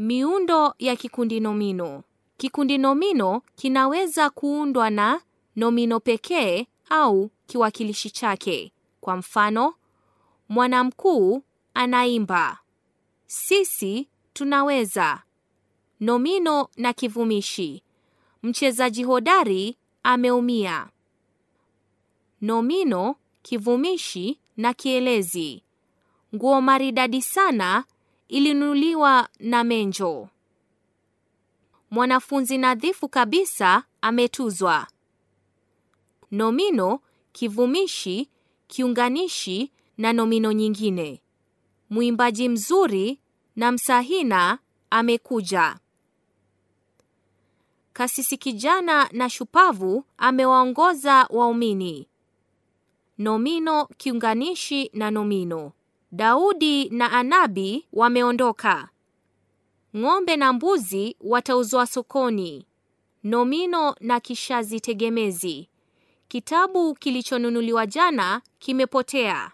Miundo ya kikundi-nomino. Kikundi-nomino kinaweza kuundwa na nomino pekee au kiwakilishi chake. Kwa mfano, mwanamkuu anaimba. Sisi tunaweza. Nomino na kivumishi. Mchezaji hodari ameumia. Nomino, kivumishi na kielezi. Nguo maridadi sana ilinunuliwa na Menjo. Mwanafunzi nadhifu kabisa ametuzwa. Nomino, kivumishi, kiunganishi na nomino nyingine. Mwimbaji mzuri na msahina amekuja. Kasisi kijana na shupavu amewaongoza waumini. Nomino, kiunganishi na nomino. Daudi na Anabi wameondoka. Ng'ombe na mbuzi watauzwa sokoni. Nomino na kishazi tegemezi. Kitabu kilichonunuliwa jana kimepotea.